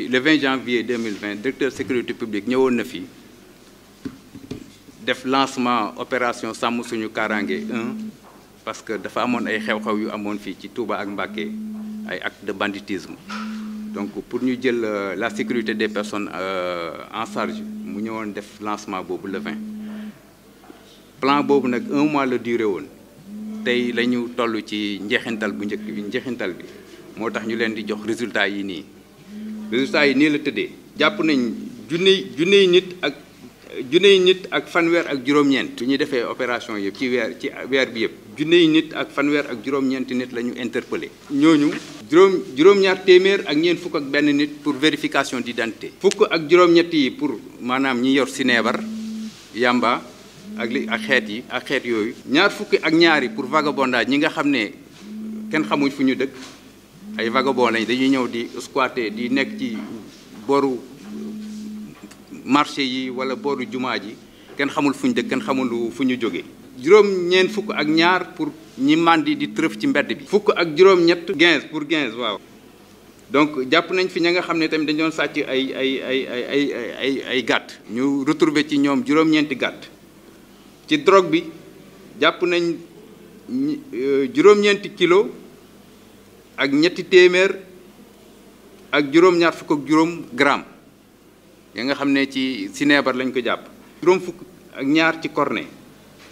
janvier le 20 janvier 2020 directeur sécurité publique ñëwoon na fi def lancement opération sàmm suñu kaaraange 1 parce que dafa amoon ay xew-xew yu amoon fii ci Touba ak Mbacké ay actes de banditisme donc pour ñu jël euh, la sécurité des personnes euh, en charge mu ñëwoon def lancement boobu le 20 plan boobu nag un mois la duré woon tey la ñu toll ci njeexintal bu njëkk bi njeexintal bi moo tax ñu leen di jox résultat yi nii résultat yi nii la tëddee jàpp nañ junne yi nit ak yi nit ak fanweer ak juróom-ñeent su ñuy defee opération yëpp ci weer ci weer bi yëpp junniy nit ak fanweer ak juróom-ñeenti nit la ñu interpellé ñooñu juróom juróom-ñaar téeméer ak ñeent fukk ak benn nit pour vérification d'identité fukk ak juróom-ñett yi pour maanaam ñi yor si neebar yàmba ak xeet yi ak xeet yooyu ñaar fukki ak ñaari pour vagabondage ñi nga xam ne kenn xamuñ fu ñu dëkk ay vagabond lañ dañuy ñëw di squatter di nekk ci boru marché yi wala booru jumaa ji kenn xamul fu ñu dëkk kenn xamul fu ñu jógee juróom ñeent fukk ak ñaar pour ñi màndi di trëf ci mbedd bi fukk ak juróom ñett pour quinze waaw donc jàpp nañ fi ña nga xam ne tamit dañ doon sàcc ay ay ay ay ay ay ay ñu retrouvé ci ñoom juróom-ñeenti gàtt ci drogue bi jàpp nañ euh, juróom-ñeenti kilo ak ñetti téeméer ak juróom-ñaar fukk ak juróom gramme ya nga xam ne ci si neebar lañ ko jàpp juróom fukk ak ñaar ci cornet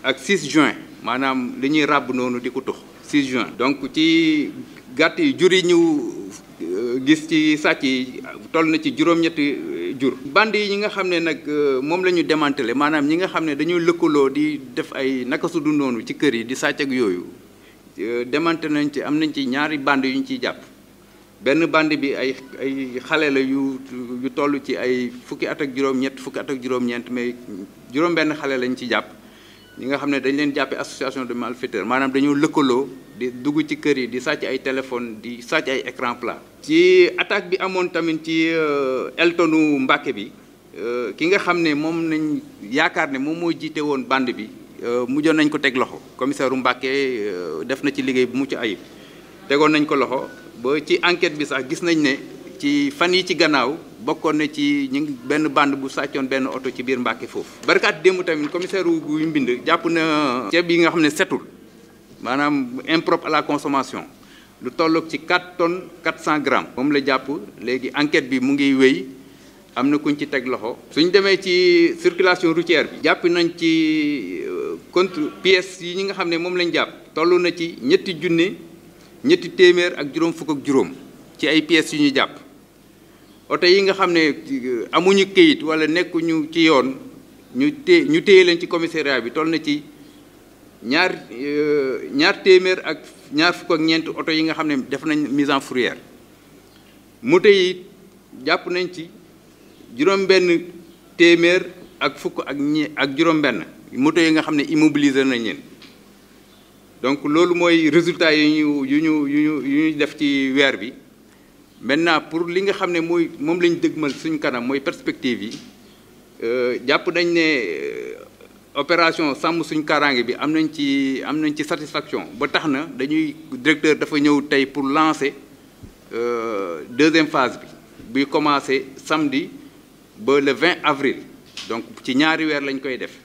ak 6 juin maanaam li ñuy ràbb noonu di ko tux 6 juin donc ci gàtt yi jur yi ñu euh, gis ci sàcc yi toll na ci juróom-ñetti euh, jur band yi ñi nga xam ne nag euh, moom la ñu démantelé maanaam ñi nga xam ne dañuy lëkkaloo di def ay naka su du noonu ci kër yi di sàcc ak yooyu Euh, demante nañ ci am nañ ci ñaari bande yu ñu ciy jàpp benn bande bi ay ay xale la yu yu toll ci ay fukki at ak juróom-ñett fukki at ak juróom-ñeent mais juróom-benn xale lañ ci jàpp ñi nga xam ne dañ leen jàppe association de malfaiteurs maanaam dañoo lëkkaloo di dugg ci kër yi di sàcc ay téléphone di sàcc ay écran plat ci attaque bi amoon tamit ci euh, Eltonu Mbàkke bi euh, ki nga xam ne moom nañ yaakaar ne moom mooy jiite woon bande bi Euh, mujjoon nañ ko teg loxo commissaire u Mbàkke euh, def na ci liggéey bu mucc ayib tegoon nañ ko loxo ba ci enquête bi sax gis nañ ne ci fan yi ci gannaaw bokkoon na ci ñu benn bande bu sàccoon benn oto ci biir Mbàkke foofu barkaat démb tamit commissaire wu mbind jàpp na ceeb yi nga xam ne setul maanaam impropre à la consommation lu tolloog ci 4 tonnes cent grammes moom la jàpp léegi enquête bi mu ngi wéy am na kuñ ci teg loxo suñ demee ci circulation routière jàpp nañ ci contre pièces yi ñi nga xam ne moom lañ jàpp toll na ci ñetti junne ñetti téeméer ak juróom fukk ak juróom ci ay pièces yu ñu jàpp oto yi nga xam ne euh, amuñu këyit wala nekkuñu ci yoon ñu té ñu téye leen ci commissariat bi toll na ci ñaar euh, ñaar téeméer ak ñaar fukk ak ñeent oto yi nga xam ne def nañ mise en fourrière moto yi jàpp nañ ci juróom benn téeméer ak fukk ak ñe ak juróom benn moto yi nga xam ne immobiliser nañ leen donc loolu mooy résultat yu ñu yu ñu yu ñu yu ñu def ci weer bi maintenant pour li nga xam ne mooy moom la ñu dëgmal suñ kanam mooy perspective yi euh, jàpp nañ ne euh, opération sàmm suñ kaaraange bi am nañ ci am nañ ci satisfaction ba tax na dañuy directeur dafa ñëw tey pour lancer euh, deuxième phase bi buy commencer samedi ba le 20 avril donc ci ñaari weer lañ koy def